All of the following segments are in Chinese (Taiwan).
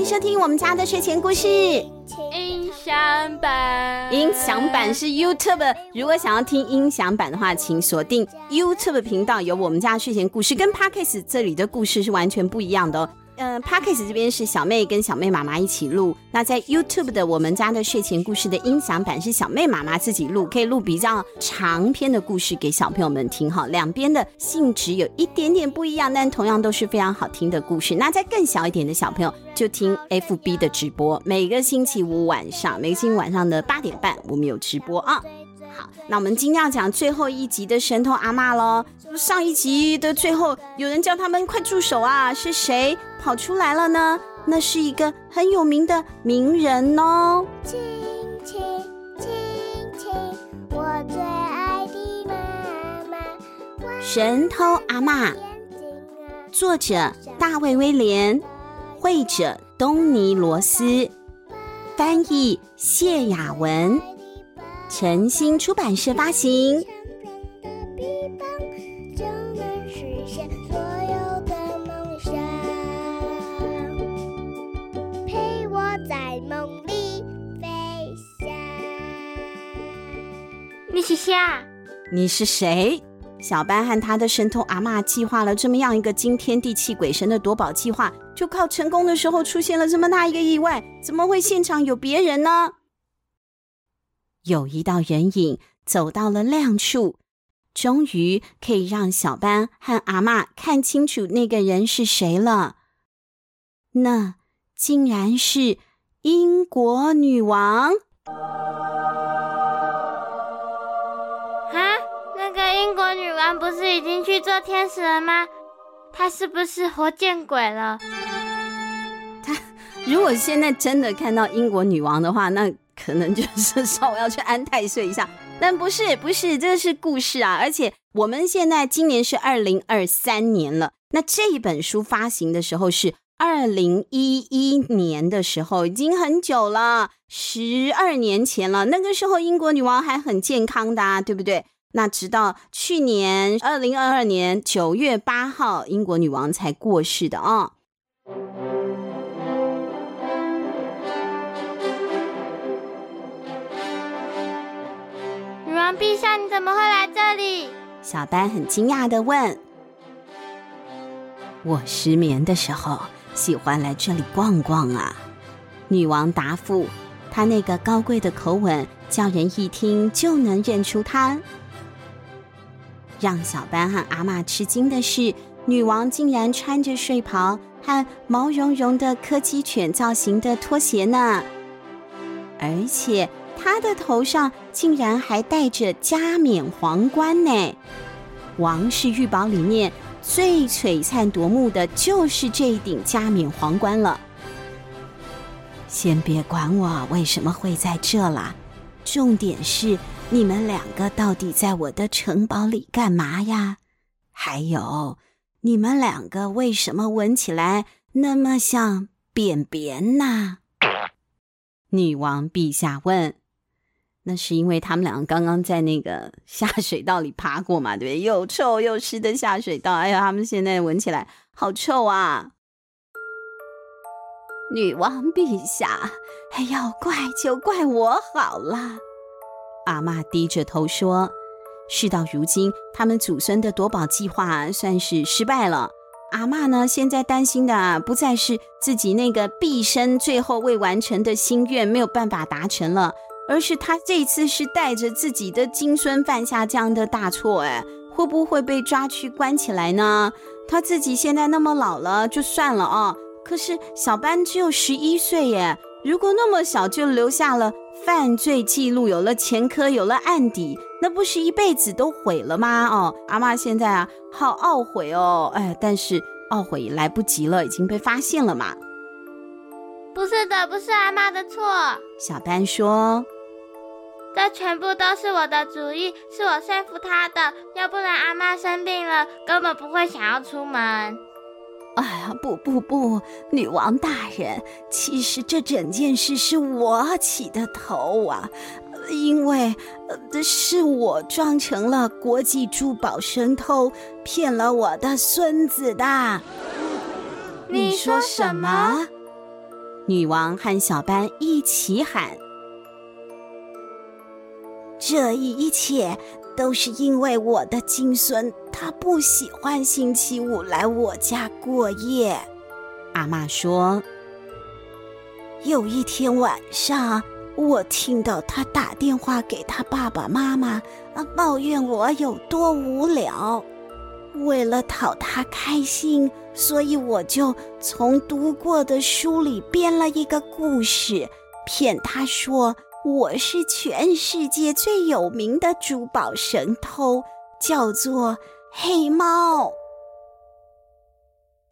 歡迎收聽我們家的睡前故事。音享版，音享版是 YouTube。如果想要聽音享版的話，請鎖定 YouTube 頻道，有我們家的睡前故事跟 Podcast 這裡的故事是完全不一樣的哦。嗯、呃，Podcast 這邊是小妹跟小妹媽媽一起錄，那在 YouTube 的我們家的睡前故事的音享版是小妹媽媽自己錄，可以錄比較長篇的故事給小朋友們聽哈。兩邊的性質有一點點不一樣，但同樣都是非常好聽的故事。那在更小一點的小朋友就聽 FB 的直播，每個星期五晚上，每個星期五晚上的八點半我們有直播啊。好，那我們今天要講最後一集的神偷阿嬤咯，上一集的最後，有人叫他們快住手啊！是誰跑出來了呢？那是一個很有名的名人哦。親親親親，我最愛的媽媽。啊、神偷阿嬤，作者大衛威廉，繪者東尼羅斯，翻譯謝雅文。晨星出版社發行。陪我在夢裡飛翔。你是誰、啊？你是誰，啊、你是誰？小班和他的神偷阿嬤計劃了這麼樣一個驚天地泣鬼神的奪寶計劃，就靠成功的時候出現了這麼大一個意外，怎麼會現場有別人呢？有一道人影走到了亮處，終於可以讓小班和阿嬤看清楚那個人是誰了。那竟然是英國女王！啊，那個英國女王不是已經去做天使了嗎？她是不是活見鬼了？她如果現在真的看到英國女王的話，那……可能就是說我要去安太歲一下，但不是，不是，這是故事啊！而且我們現在今年是二零二三年了，那這一本書發行的時候是二零一一年的時候，已經很久了，十二年前了。那個時候英國女王還很健康的啊，對不對？那直到去年二零二二年九月八號，英國女王才過世的啊。陛下，你怎麼會來這裡？小班很驚訝的問：“我失眠的時候喜歡來這裡逛逛啊。”女王答覆：“她那個高貴的口吻，叫人一聽就能認出她。”讓小班和阿嬤吃驚的是，女王竟然穿着睡袍和毛茸茸的柯基犬造型的拖鞋呢，而且她的頭上。竟然還戴着加冕皇冠呢！王室御寶裡面最璀璨奪目的就是這頂加冕皇冠了。先別管我為什麼會在這啦，重點是你們兩個到底在我的城堡裡幹嘛呀？還有，你們兩個為什麼聞起來那麼像便便呢？女王陛下問。那是因為他們兩個剛剛在那個下水道裡爬過嘛，對不對？又臭又濕的下水道，哎呀，他們現在聞起來好臭啊！女王陛下，哎，要怪就怪我好了。阿嬤低着頭說：“事到如今，他們祖孫的奪寶計劃算是失敗了。阿嬤呢，現在擔心的不再是自己那個畢生最後未完成的心願沒有辦法達成了。”而是他這次是帶着自己的金孫，犯下這樣的大錯，哎，會不會被抓去關起來呢？他自己現在那麼老了就算了啊、哦，可是小班只有十一歲耶，如果那麼小就留下了犯罪記錄，有了前科，有了案底，那不是一輩子都毀了嗎？哦，阿嬤現在啊，好懊悔哦，哎，但是懊悔也來不及了，已經被發現了嘛。不是的，不是阿嬤的錯，小班說。這全部都是我的主意，是我說服他的，要不然阿嬤生病了，根本不會想要出門。哎呀，不不不，女王大人，其實這整件事是我起的頭啊，因為這、呃、是我裝成了國際珠寶神偷，騙了我的孫子的。你說什麼？什麼？女王和小班一起喊。這一切都是因為我的金孫，他不喜歡星期五來我家過夜。阿嬤說，有一天晚上，我聽到他打電話給他爸爸媽媽，啊，抱怨我有多無聊。為了討他開心，所以我就從讀過的書裡編了一個故事，騙他說。我是全世界最有名的珠寶神偷，叫做黑貓。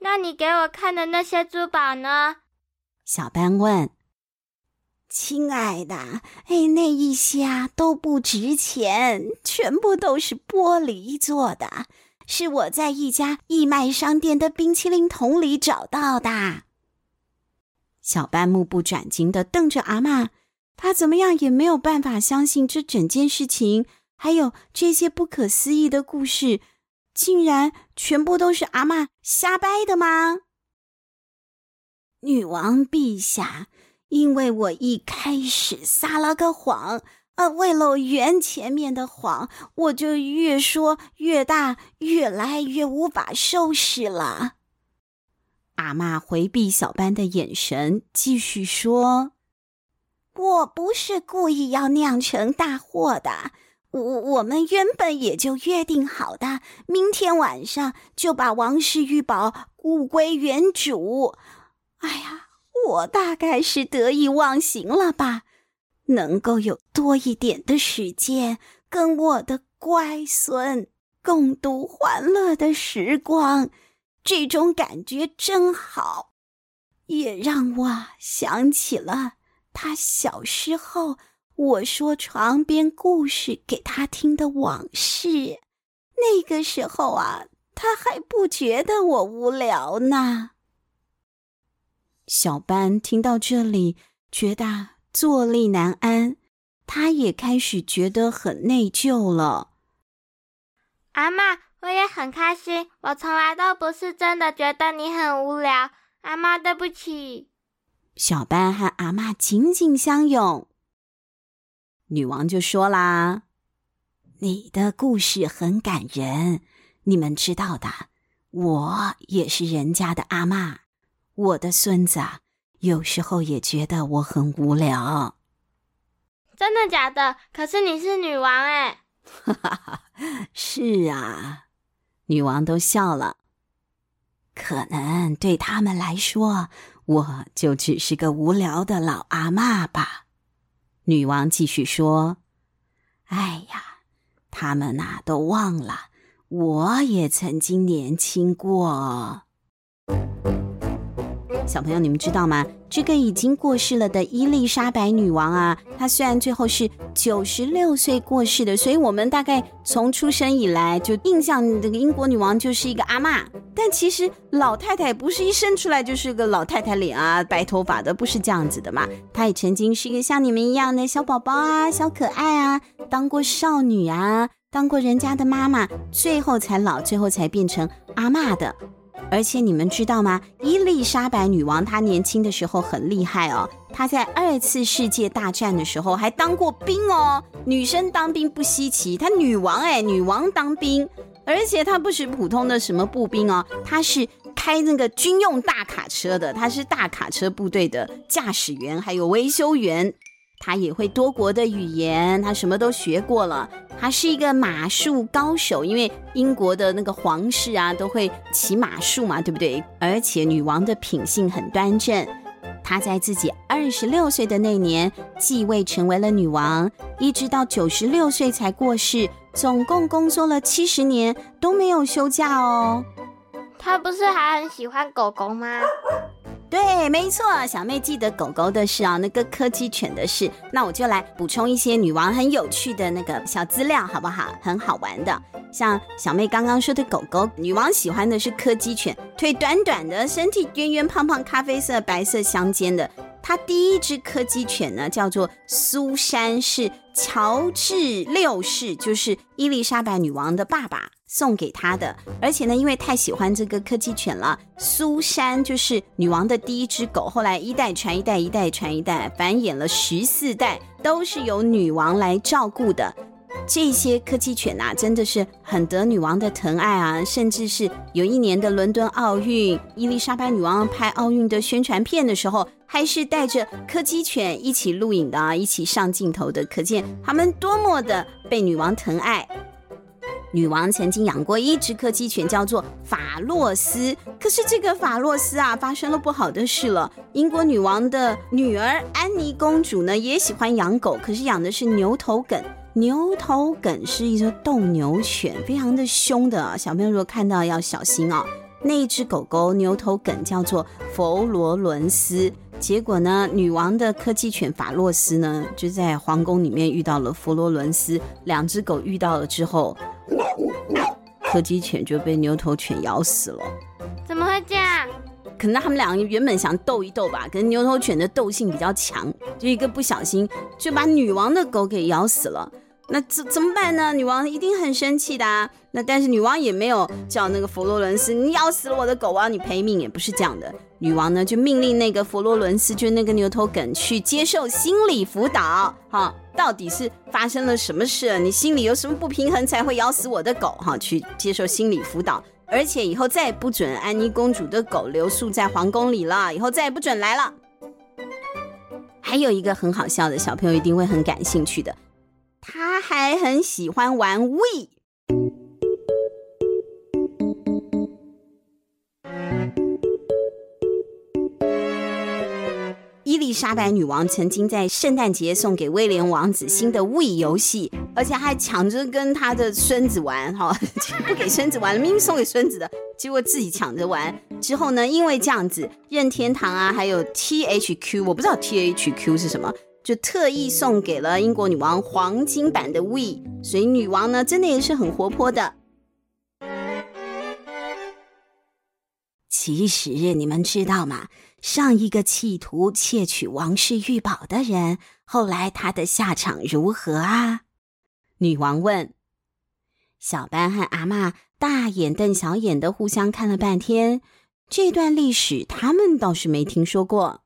那你給我看的那些珠寶呢？小班問。親愛的，哎，那一些啊，都不值錢，全部都是玻璃做的，是我在一家義賣商店的冰淇淋桶裡找到的。小班目不轉睛地瞪着阿嬤。他怎麼樣也沒有辦法相信這整件事情，還有這些不可思議的故事，竟然全部都是阿嬤瞎掰的嗎？女王陛下，因為我一開始撒了個謊，呃、啊，為了我圓前面的謊，我就越說越大，越來越無法收拾了。阿嬤回避小班的眼神，繼續說。我不是故意要釀成大禍的，我我們原本也就約定好的，明天晚上就把王室御寶物歸原主。哎呀，我大概是得意忘形了吧？能夠有多一點的時間跟我的乖孫共度歡樂的時光，這種感覺真好，也讓我想起了。他小時候，我說床邊故事給他聽的往事。那個時候啊，他還不覺得我無聊呢。小班聽到這裡，覺得坐立難安，他也開始覺得很內疚了。阿嬤，我也很開心，我從來都不是真的覺得你很無聊。阿嬤，對不起。小班和阿媽緊緊相擁，女王就說啦：“你的故事很感人，你們知道的。我也是人家的阿媽，我的孫子啊，有時候也覺得我很無聊。真的假的？可是你是女王哎！”“哈哈哈，是啊。”女王都笑了。可能對他們來說，我就只是個無聊的老阿嬤吧。女王繼續說：“哎呀，他們吶都忘了，我也曾經年輕過。”小朋友，你們知道嗎？這個已經過世了的伊麗莎白女王啊，她雖然最後是九十六歲過世的，所以我們大概從出生以來就印象這個英國女王就是一個阿嬤，但其實老太太不是一生出來就是個老太太臉啊、白頭髮的，不是這樣子的嘛。她也曾經是一個像你們一樣的小寶寶啊、小可愛啊，當過少女啊，當過人家的媽媽，最後才老，最後才變成阿嬤的。而且你們知道嗎？伊麗莎白女王她年輕的時候很厲害哦，她在二次世界大戰的時候還當過兵哦。女生當兵不稀奇，她女王哎、欸，女王當兵，而且她不是普通的什麼步兵哦，她是開那個軍用大卡車的，她是大卡車部隊的駕駛員，還有維修員。她也會多國的語言，她什麼都學過了。她是一個馬術高手，因為英國的那個皇室啊都會騎馬術嘛，對不對？而且女王的品性很端正。她在自己二十六歲的那年繼位成為了女王，一直到九十六歲才過世，總共工作了七十年都沒有休假哦。她不是還很喜歡狗狗嗎？對，沒錯，小妹記得狗狗的事啊，那個柯基犬的事。那我就來補充一些女王很有趣的那個小資料，好不好？很好玩的，像小妹剛剛說的狗狗，女王喜歡的是柯基犬，腿短短的，身體圓圓胖胖，咖啡色白色相間的。她第一隻柯基犬呢，叫做蘇珊，是。喬治六世就是伊麗莎白女王的爸爸送給她的，而且呢，因為太喜歡這個柯基犬了，蘇珊就是女王的第一隻狗，後來一代傳一代，一代傳一代，繁衍了十四代，都是由女王來照顧的。這些柯基犬吶、啊，真的是很得女王的疼愛啊！甚至是有一年的倫敦奧運，伊麗莎白女王拍奧運的宣傳片的時候，還是帶着柯基犬一起錄影的啊，一起上鏡頭的。可見他們多麼的被女王疼愛。女王曾經養過一隻柯基犬，叫做法洛斯。可是這個法洛斯啊，發生了不好的事了。英國女王的女兒安妮公主呢，也喜歡養狗，可是養的是牛頭梗。牛頭梗是一隻鬥牛犬，非常的凶的喔。小朋友如果看到要小心喔。那一隻狗狗牛頭梗叫做佛羅倫斯。結果呢，女王的柯基犬法洛斯呢，就在皇宮裡面遇到了佛羅倫斯。兩隻狗遇到了之後，柯基犬就被牛頭犬咬死了。怎麼會這樣？可能他們兩個原本想鬥一鬥吧。可能牛頭犬的鬥性比較強，就一個不小心就把女王的狗給咬死了。那怎怎麼辦呢？女王一定很生氣的啊。那但是女王也沒有叫那個佛羅倫斯，你咬死了我的狗啊，我要你賠命也不是這樣的。女王呢就命令那個佛羅倫斯，就那個牛頭梗去接受心理輔導。哈，到底是發生了什麼事啊？你心裡有什麼不平衡才會咬死我的狗？哈，去接受心理輔導，而且以後再也不准安妮公主的狗留宿在皇宮裡了，以後再也不准來了。還有一個很好笑的，小朋友一定會很感興趣的。他還很喜歡玩 Wii。伊麗莎白女王曾經在聖誕節送給威廉王子新的 Wii 遊戲，而且還搶着跟他的孫子玩哈，哦、不給孫子玩，明明送給孫子的，結果自己搶着玩。之後呢，因為這樣子，任天堂啊，還有 THQ，我不知道 THQ 是什麼。就特意送給了英國女王黃金版的 Wii，所以女王呢，真的也是很活潑的。其實你們知道嗎？上一個企圖竊取王室御寶的人，後來他的下場如何啊？女王問。小班和阿嬤大眼瞪小眼的互相看了半天，這段歷史他們倒是沒聽說過。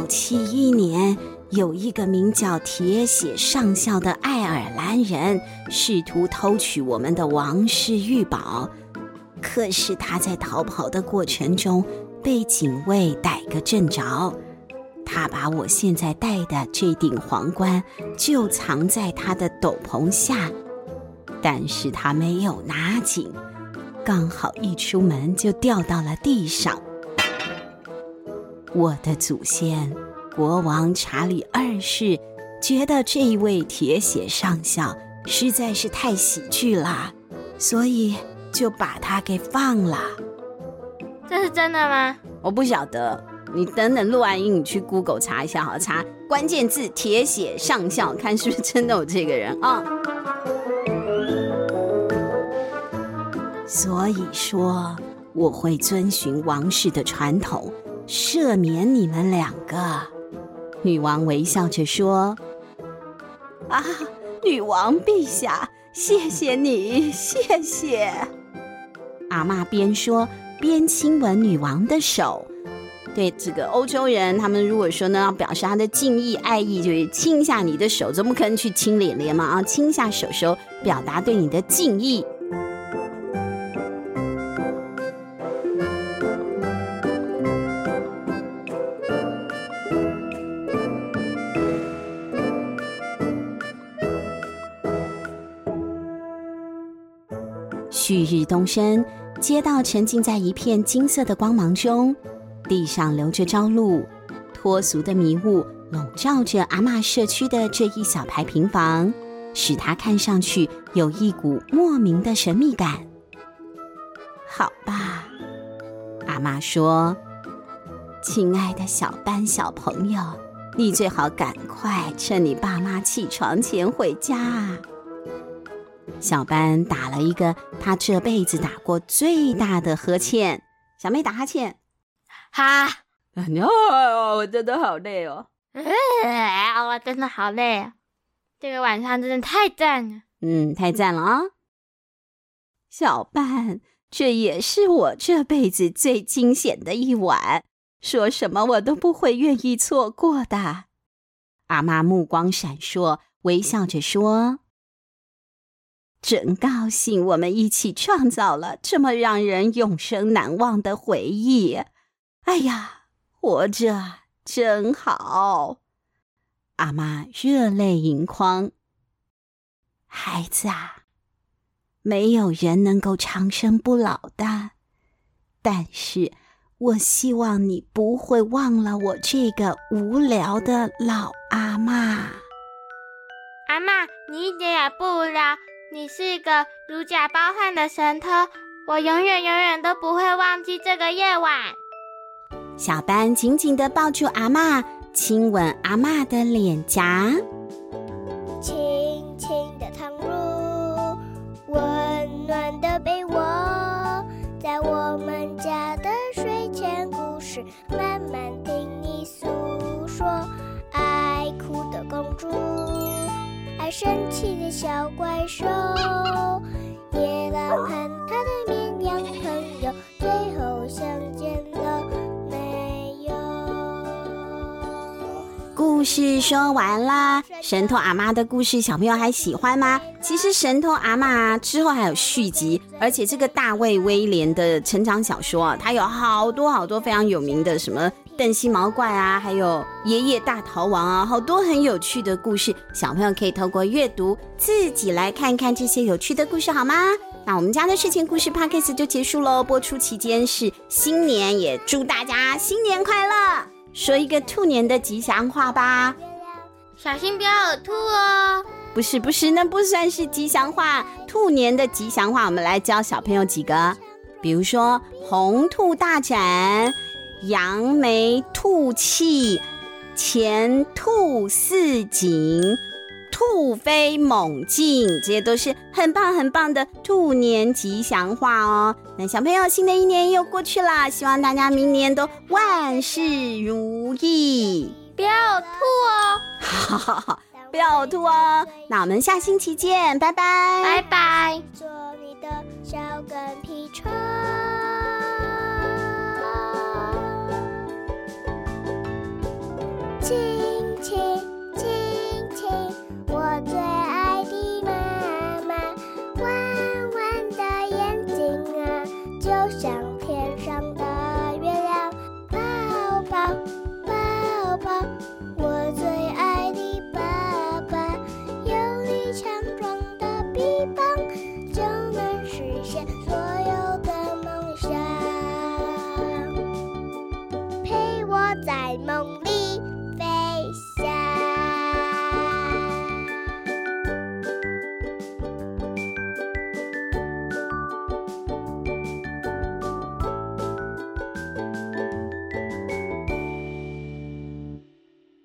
一九七一年，有一個名叫鐵血上校的愛爾蘭人，試圖偷取我們的王室御寶。可是他在逃跑的過程中被警衛逮個正着。他把我現在戴的這頂皇冠就藏在他的斗篷下，但是他沒有拿緊，剛好一出門就掉到了地上。我的祖先，國王查理二世覺得這一位鐵血上校實在是太喜劇了，所以就把他給放了。這是真的嗎？我不曉得。你等等錄完音，你去 Google 查一下，好，好查關鍵字“鐵血上校”，看是不是真的有這個人啊。哦。所以說，我會遵循王室的傳統，赦免你們兩個，女王微笑着說：“啊，女王陛下，謝謝你，謝謝。”阿嬤邊說邊親吻女王的手。對這個歐洲人，他們如果說呢，要表示他的敬意愛意，就是親一下你的手，怎麼可能去親臉臉嘛？啊，親一下手手，表達對你的敬意。日東升，街道沉浸在一片金色的光芒中，地上留着朝露，脫俗的迷霧籠罩着阿嬤社區的這一小排平房，使它看上去有一股莫名的神秘感。好吧，阿嬤說：“親愛的小班小朋友，你最好趕快趁你爸媽起床前回家。”小班打了一個他這輩子打過最大的呵欠。小妹打哈欠，哈！哎呦、啊，我真的好累哦！嗯，我真的好累，啊，這個晚上真的太讚了，啊。嗯，太讚了啊！小班，這也是我這輩子最驚險的一晚，說什麼我都不會願意錯過的。阿嬤目光閃爍，微笑着說。真高興，我們一起創造了這麼讓人永生難忘的回憶。哎呀，活着真好！阿媽熱淚盈眶。孩子啊，沒有人能夠長生不老的，但是我希望你不會忘了我這個無聊的老阿媽。阿媽，你一點也不無聊。你是一個如假包換的神偷，我永遠永遠都不會忘記這個夜晚。小班緊緊的抱住阿嬤，親吻阿嬤的臉頰，輕輕的躺入溫暖的被窩，在我們家的睡前故事。生氣的小怪獸，夜郎和他的綿羊朋友，最後相見了沒有？故事說完了，神偷阿媽的故事小朋友還喜歡嗎？其實神偷阿媽之後還有續集，而且這個大衛威廉的成長小說啊，它有好多好多非常有名的什麼。鄧西毛怪啊，還有爺爺大逃亡啊，好多很有趣的故事，小朋友可以透過閱讀自己來看看這些有趣的故事，好嗎？那我們家的睡前故事 podcast 就結束嘍。播出期間是新年，也祝大家新年快樂，說一個兔年的吉祥話吧，小心不要嘔吐哦。不是不是，那不算是吉祥話，兔年的吉祥話，我們來教小朋友幾個，比如說紅兔大展。揚眉吐氣，前兔似錦，兔飛猛進，這些都是很棒很棒的兔年吉祥話哦。那小朋友，新的一年又過去了，希望大家明年都萬事如意，如意不要吐哦，哈哈哈，不要吐哦。那我們下星期見，拜拜，拜拜。做你的小跟屁蟲。親親親親，我最愛的媽媽，彎彎的眼睛啊，就像。